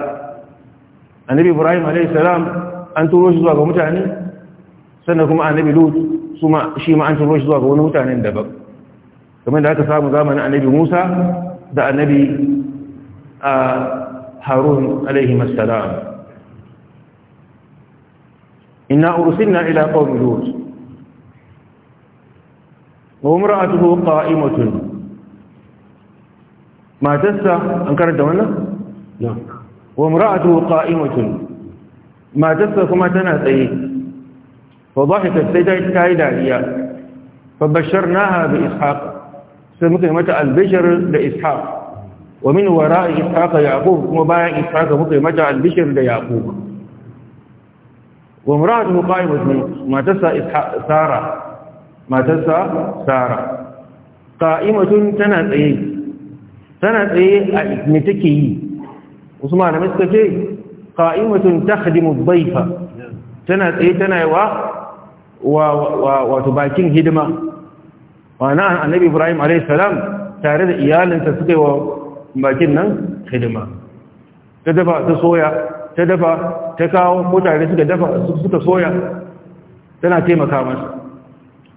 annabi ibrahim alayhi salam an turo shi zuwa ga mutane sannan kuma annabi lut shi ma an turo shi zuwa ga wani mutanen daban kamar da aka samu zamanin annabi musa da annabi harun alaihi masalam inna ursilna ila qaumi lut wa imra'atuhu qa'imatun matarsa an karanta wannan wa imra'atuhu qa'imatun matarsa kuma tana tsaye fa dhahikat sai ta kai dariya fa basharnaha bi ishaq sai muka yi mata albishir da ishaq wa min wara'i ishaq yaqub kuma bayan ishaq muka yi mata albishir da yaqub wa imra'atuhu qa'imatun matarsa sara matarsa sara qa'imatun tana tsaye tana tsaye a me take yi usman ne suka ce qa'imatun takhdimu dhayfa tana tsaye tana wa wato bakin hidima wana annabi ibrahim alayhi salam tare da iyalinsa suka yi wa bakin nan hidima ta dafa ta soya ta dafa ta kawo mutane suka dafa suka soya tana taimaka masa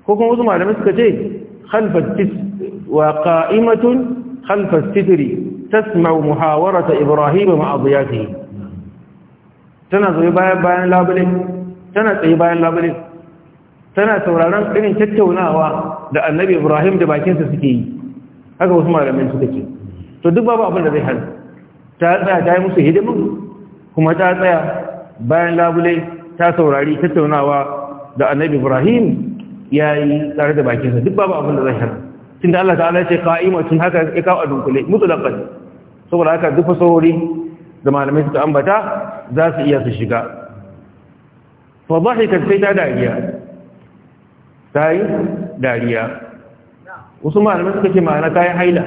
ko kuma wasu malamai suka ce khalfat tis wa qa'imatun khalfat sitri tasma'u muhawarata ibrahim ma'a dhiyatihi tana zoye bayan labule tana tsaye bayan labule tana sauraron irin tattaunawa da annabi ibrahim da bakinsa suke yi haka wasu malamin suka ce to duk babu abin da zai hana ta tsaya ta yi musu hidimin kuma ta tsaya bayan labule ta saurari tattaunawa da annabi ibrahim ya yi tsare da bakinsa duk babu abin da zai hana tun da allah ta'ala ce ka'ima tun haka ya kawo a dunkule mutu da saboda haka duk fasarori da malamai suka ambata za su iya su shiga fa dhahikat sai ta dariya yi dariya wasu malamai suka ce ma'ana ta yi haila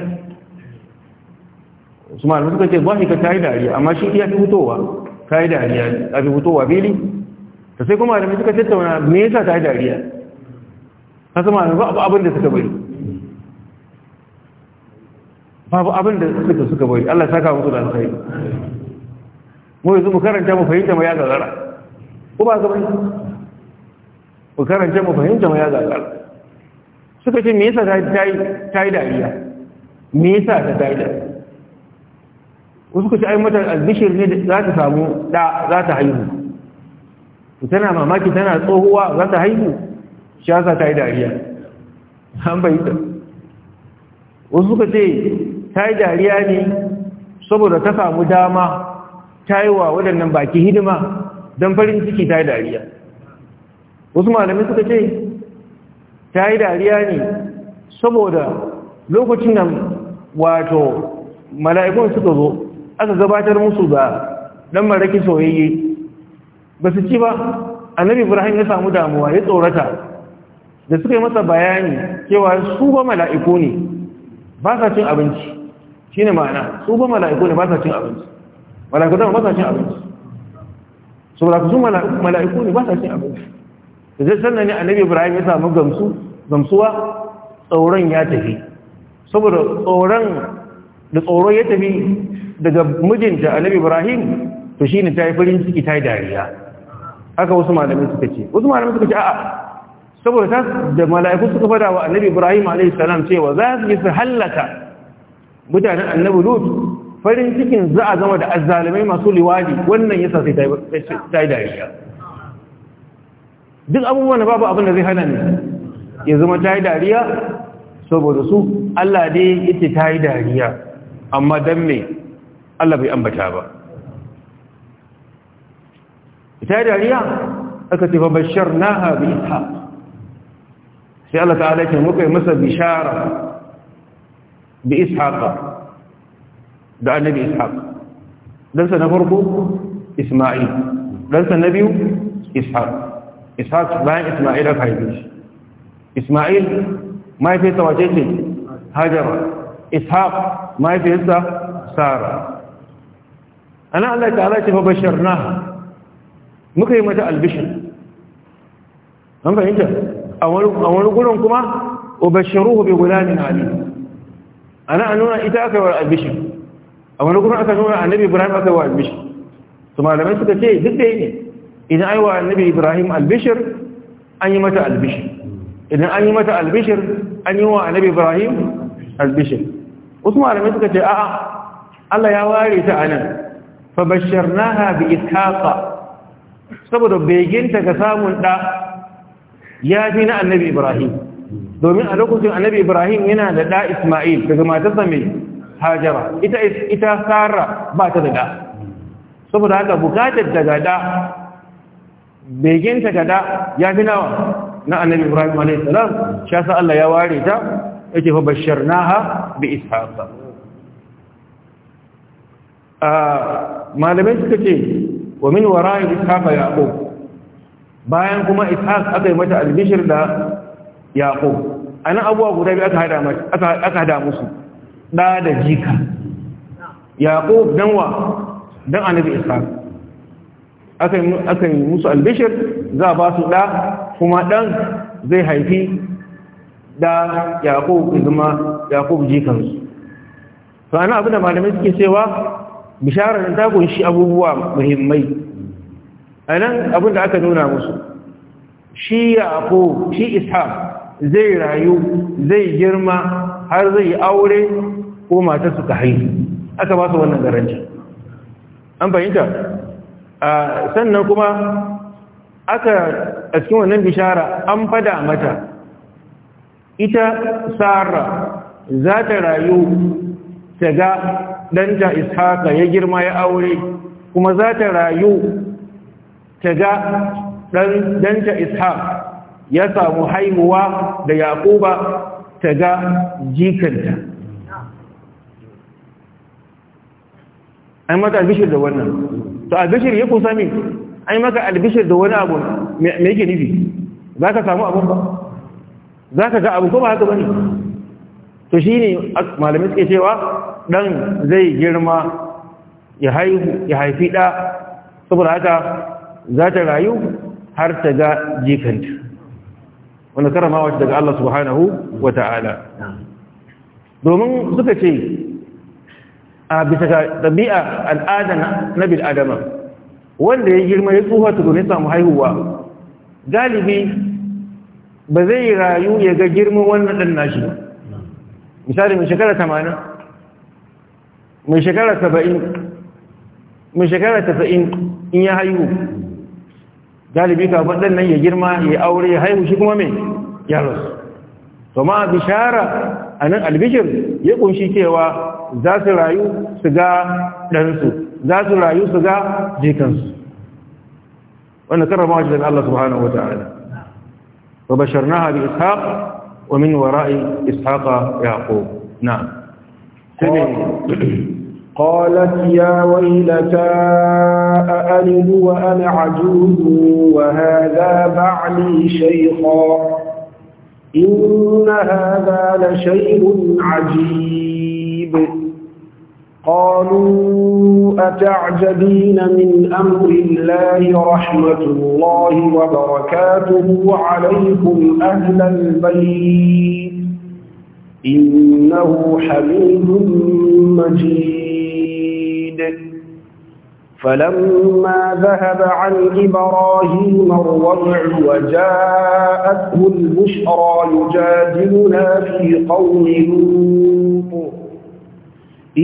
wasu malamai suka ce dhahikat ta yi dariya amma shi iya fi hutowa ta yi dariya a fi hutowa fili ta sai kuma malamai suka tattauna me yasa ta yi dariya kasa malamai ba abin da suka bari babu abin da suka suka bari Allah saka musu da alkhairi mu yanzu mu karanta mu fahimta mu ya gagara ko ba gaba mu karanta mu fahimta mu ya gagara suka ce me yasa ta yi dariya me yasa ta ta yi dariya wasu suka ce ai mata albishir ne za ta samu da za ta haihu tana mamaki tana tsohuwa za ta haihu shi yasa ta yi dariya an bai ta wasu suka ce ta yi dariya ne saboda ta samu dama ta yi wa waɗannan baki hidima don farin ciki ta yi dariya wasu malamai suka ce ta yi dariya ne saboda lokacin nan wato mala'ikun suka zo aka gabatar musu da ɗan maraki soyayye ba su ci ba annabi ibrahim ya samu damuwa ya tsorata da suka yi masa bayani cewa su ba mala'iku ne ba sa cin abinci shi ne ma'ana su ba mala'iku ne ba sa cin abinci mala'iku dama ba sa cin abinci su mala'iku sun mala'iku ne ba sa cin abinci zai sannan ne annabi ibrahim ya samu gamsu gamsuwa tsoron ya tafi saboda tsoron da tsoro ya tafi daga mijinta annabi ibrahim to shine ta yi farin ciki ta yi dariya haka wasu malamai suka ce wasu malamai suka ce a'a saboda ta da mala'iku suka fada wa annabi ibrahim salam cewa za su yi su hallaka mutanen annabi lut farin cikin za a zama da azzalimai masu liwadi wannan yasa sai ta yi dariya duk abubuwan babu abin da zai hana ne ya zama ta yi dariya saboda su Allah dai yake ta yi dariya amma don me Allah bai ambata ba ta yi dariya aka tafi bashar na habita sai Allah ta'ala ke muka yi masa bishara bi ishaqa da annabi ishaq ɗansa na farko isma'il ɗansa na biyu ishaq ishaq bayan isma'il aka haife shi isma'il mahaifiyarsa wace ce hajara ishaq mahaifiyarsa sara ana allah fa bashar na muka yi mata an fahimta a wani gurin kuma ubashiruhu bi ali ana nuna ita aka yi wa albishin a wani kuma aka nuna annabi ibrahim aka yi wa albishir su malamai suka ce duk dai ne idan ai wa annabi ibrahim albishir an yi mata albishir idan an yi mata albishir an yi wa annabi ibrahim albishir wasu malamai suka ce a'a Allah ya ware ta anan fa basharnaha bi ishaqa saboda beginta ga samun ɗa ya fi na annabi ibrahim domin a lokacin annabi ibrahim yana da ɗa ismail daga matarsa mai hajara ita ita sara ba ta da da saboda haka bukatar daga da begin ta gada ya fi nawa na annabi ibrahim alayhi salam sha sa Allah ya ware ta yake fa basharnaha bi ishaqa ah, malamai suka ce wa min wara'i ishaqa yaqub bayan kuma ishaq aka yi mata albishir da yaqub ana abuwa guda biyu aka hada aka hada musu ɗa da jika yaƙo don wa don annabi isa. aka yi musu albishir za a ba su ɗa kuma ɗan zai haifi da yaƙo zama jikansu to ana abin da malamai suke cewa bisharar ta kunshi abubuwa muhimmai a nan abin da aka nuna musu shi yaƙo shi ishaq zai rayu zai girma har zai aure ko mata suka haihu aka ba su wannan garanci an fahimta sannan kuma aka a cikin wannan bishara an fada mata ita sara za ta rayu ta ga ɗanta ishaka ya girma ya aure kuma za ta rayu ta ga ɗanta ishaka ya samu haihuwa da Yakuba ta ga jikanta ai maka albishir da wannan to albishir ya kusa me ai maka albishir da wani abu me yake nufi za ka samu abun ba za ka ga abu ko ba haka ba to shi ne malamai suke cewa ɗan zai girma ya haifi ɗa saboda haka za ta rayu har ta ga jikanta wanda karama wacce daga Allah subhanahu wa ta'ala domin suka ce a bisa ɗabi'a al'ada na bil adama wanda ya girma ya tsufa ta domin samu haihuwa galibi ba zai yi rayu ya ga girman wannan ɗan nashi ba misali mai shekara tamanin mai shekara saba'in mai shekara tasa'in in ya haihu galibi kafin ɗan nan ya girma ya aure ya haihu shi kuma mai ya rasu to ma bishara a nan albishir ya ƙunshi cewa za su rayu su ga ɗansu za su rayu su ga jikansu wannan karrama shi daga Allah subhanahu wata'ala wa basharnaha bi ishaq wa min wara'i ishaq yaqub na'am قالت يا ويلتى أألد وأنا عجوز وهذا بعلي شيخا إن هذا لشيء عجيب الرقيب قالوا أتعجبين من أمر الله رحمة الله وبركاته عليكم أهل البيت إنه حميد مجيد فلما ذهب عن إبراهيم الرضع وجاءته البشرى يجادلنا في قوم لوط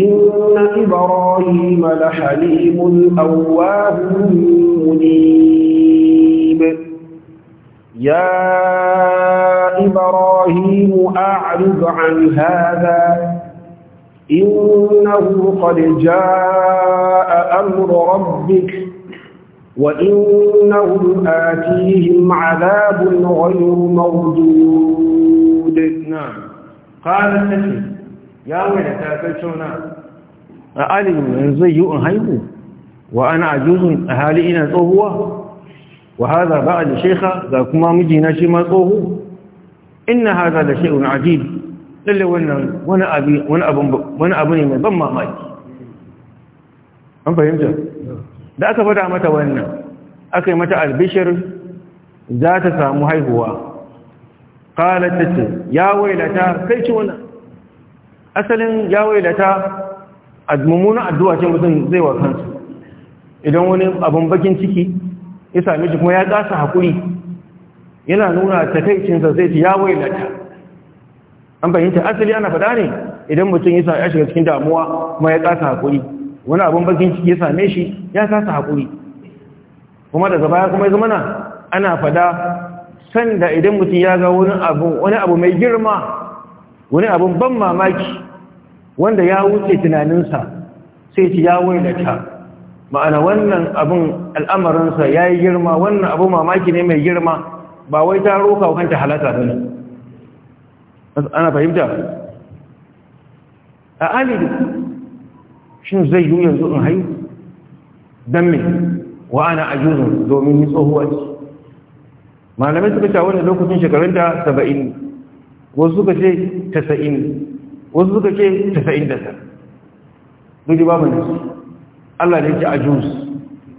إن إبراهيم لحليم أواه منيب يا إبراهيم أعرض عن هذا إنه قد جاء أمر ربك وإنهم آتيهم عذاب غير مردود نعم قال السفينة ya da ta kai cona a alimin yanzu yi in haihu wa ana ajuzun a hali ina tsohuwa wa haza ba a da shekha ga kuma mijina shi ma tsohu inna haza da shekun ajib lalle wannan wani abu ne mai ban mamaki an fahimta da aka fada mata wannan aka yi mata albishir za ta samu haihuwa ƙalar ta ce ya wailata kai ci wannan asalin ya ta mummunan addu'a ce mutum zai wa kansu idan wani abin bakin ciki ya sami shi kuma ya kasa haƙuri yana nuna takaicinsa zai ci da ta an fahimta asali ana faɗa ne idan mutum ya shiga cikin damuwa kuma ya kasa haƙuri wani abin bakin ciki ya same shi ya kasa haƙuri kuma daga baya kuma ya zama ana faɗa sanda idan mutum ya ga wani abu mai girma wani abu ban mamaki wanda ya wuce tunaninsa sai ci ya wailata ma'ana wannan abin al'amarinsa ya yi girma wannan abu mamaki ne mai girma ba wai ta roka kanta halata ne ana fahimta a alidu shin zai yi yanzu in haihu don me wa ana ajuzun domin ni tsohuwa ce malamai suka ce wannan lokacin shekarunta saba'in wasu suka ce tasa'in wasu suka ce 99 duk babu nasu Allah ne ce ajuz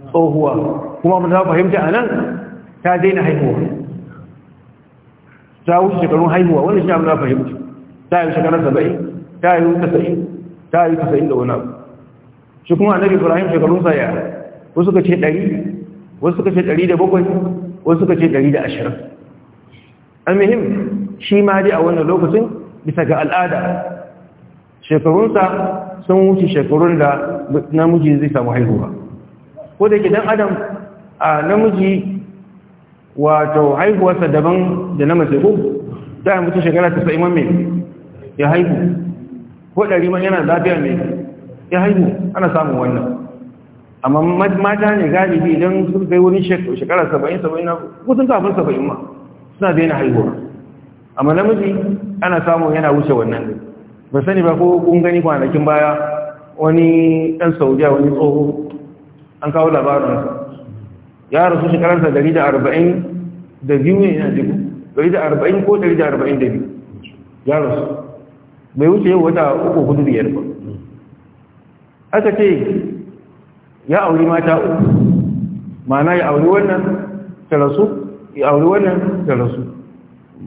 tsohuwa kuma mun za fahimta anan ta daina haihuwa ta wuce shekarun haihuwa wani shi amma fahimta ta yi shekarun 70 ta yi 90 ta yi 90 da wani abu shi kuma annabi Ibrahim shekarun sa ya wasu suka ce 100 wasu suka ce 107 wasu suka ce 120 almuhim shi ma dai a wannan lokacin bisa ga al'ada shekarunsa sun wuce shekarun da namiji zai samu haihuwa ko da ke dan adam a namiji wato haihuwarsa daban da na mace ko ta yi mutu shekara ta sa'iman mai ya haihu ko ɗari man yana lafiya mai ya haihu ana samun wannan amma mata ne galibi idan sun kai wurin shekara saba'in saba'in na kusan kafin saba'in ma suna daina haihuwa amma namiji ana samun yana wuce wannan ba sani ba ko kun gani kwanakin baya wani ɗan saudiya wani tsoho an kawo labarinsa ya rasu shekararsa 140 da biyu ne na jiku 140 ko da biyu. ya rasu bai wuce yau wata uku hudu biyar ba aka ce ya auri mata uku mana ya auri wannan ta rasu ya auri wannan ta rasu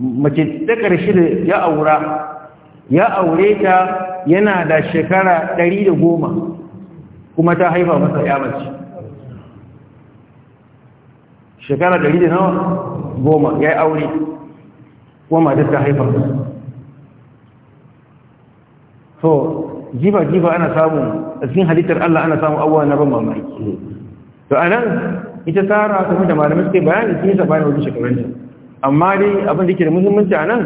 mace ta ƙarshe da ya aura ya aure ta yana da shekara ɗari da goma kuma ta haifa masa ya mace shekara ɗari da nawa goma ya yi aure kuma matar ta haifa so jifa-jifa ana samun a cikin halittar Allah ana samun abuwa na ban mamaki to a nan ita tsara kamar da malamin suke bayani sun yi sabanin wajen shekarun amma dai abin da ke da muhimmanci a nan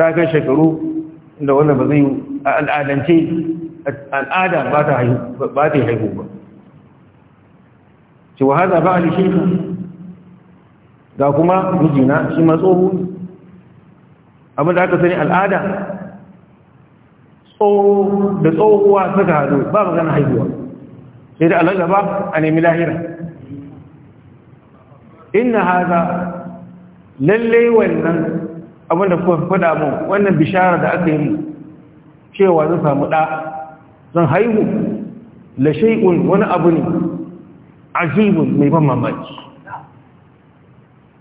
ta kan shekaru da wanda ba zai a al'adance al'ada ba ta haihu ba ce wa haza ba a lisheku ga kuma mijina shi ma tsoho abin da aka sani al'ada da tsohuwa suka haɗu ba magana haihuwa sai da al'ada ba a nemi lahira inna haza lallai wannan abinda kuka faɗa mu wannan bishara da aka yi mu cewa zan samu ɗa zan haihu la shay'un wani abu ne azibun mai ban mamaki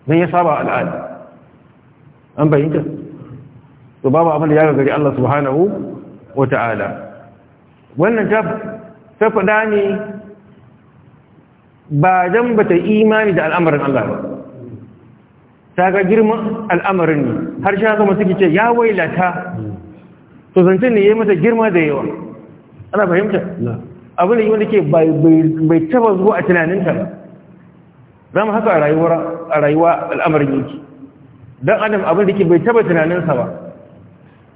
zan ya saba al'ada an bayyana to babu abin da ya gari Allah subhanahu wa ta'ala wannan ta faɗa ne ba dan bata imani da al'amarin Allah ba ta ga girman al'amarin ne har shi haka masu ce ya wailata to zancen ne ya yi mata girma da yawa ana fahimta abin da yi wanda ke bai taba zuwa a tunaninta ba za mu haka a rayuwa al'amarin yanki don adam abin da ke bai taba tunaninsa ba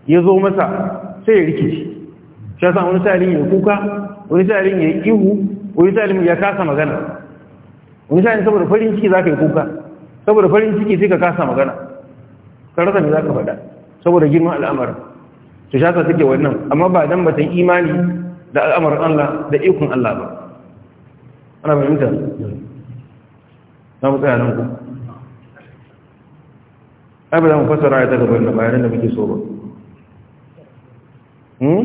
ya zo masa sai ya rikici shi ya sa wani sa'alin ya kuka wani sa'alin ya ihu wani sa'alin ya kasa magana wani sa'alin saboda farin ciki za ka yi kuka saboda farin ciki sai ka kasa magana ka rasa za ka faɗa saboda girman al'amarin su shaka suke wannan amma ba dan batan imani da al'amarin Allah da ikon Allah ba ana fahimta na mu tsaya nan ku ai ba za mu fassara ya ta gaban da bayanin da muke so ba hmm?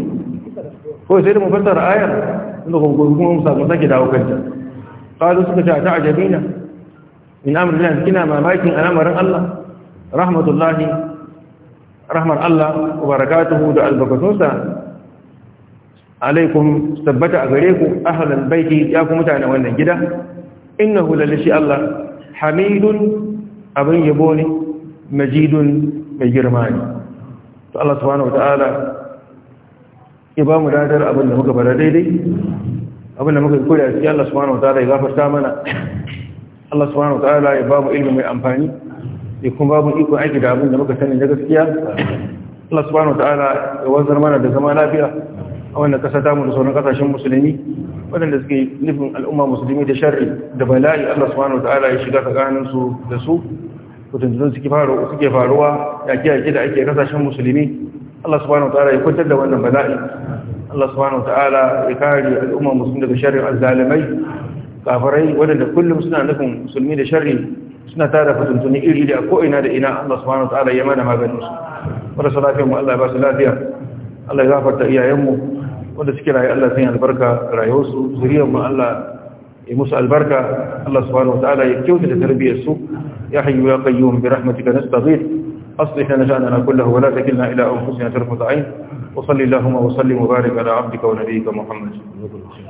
ko sai da mu fassara ayar inda kuma mu sake dawo kanta قالوا سكت تعجبين Ina amr bin kina mamakin al'amarin Allah rahmatullahi rahmar Allah wa barakatuhu da albarkatunsa alaikum tabbata a gare ku ahlal baiti ya ku mutane wannan gida innahu lalashi Allah hamidun abin yabo ne majidun mai girma ne to Allah subhanahu wataala ya ba mu dadar abin da muka fara daidai abin da muka koya shi Allah subhanahu wataala ya gafarta mana Allah subhanahu wataala ya babu ilimi mai amfani ya kuma babu iko aiki da abin da muka sani da gaskiya Allah subhanahu wataala ya wanzar mana da zama lafiya a wannan kasa ta da sauran kasashen musulmi waɗanda suke nufin al'umma musulmi da sharri da bala'i Allah subhanahu wataala ya shiga tsakanin su da su kutuntun suke faruwa suke faruwa yaki yaki da ake kasashen musulmi Allah subhanahu wataala ya kwantar da wannan bala'i Allah subhanahu wataala ya kare al'umma musulmi daga sharrin azzalimai kafirai waɗanda kullum suna nufin musulmi da shar'i suna tara fitintuni iri da ko'ina da ina Allah subhanahu ta'ala ya mana maganin su wanda su lafiyar mu Allah ba su lafiya Allah ya gafarta iyayenmu wanda suke rayu Allah zai albarka rayuwarsu zuriyar mu Allah ya musu albarka Allah subhanahu ta'ala ya kyautata tarbiyyar su ya hayyu ya qayyum bi rahmatika nastaghith أصلح لنا كله ولا تكلنا إلى أنفسنا ترفض عين وصل اللهم وسلم وبارك على عبدك ونبيك محمد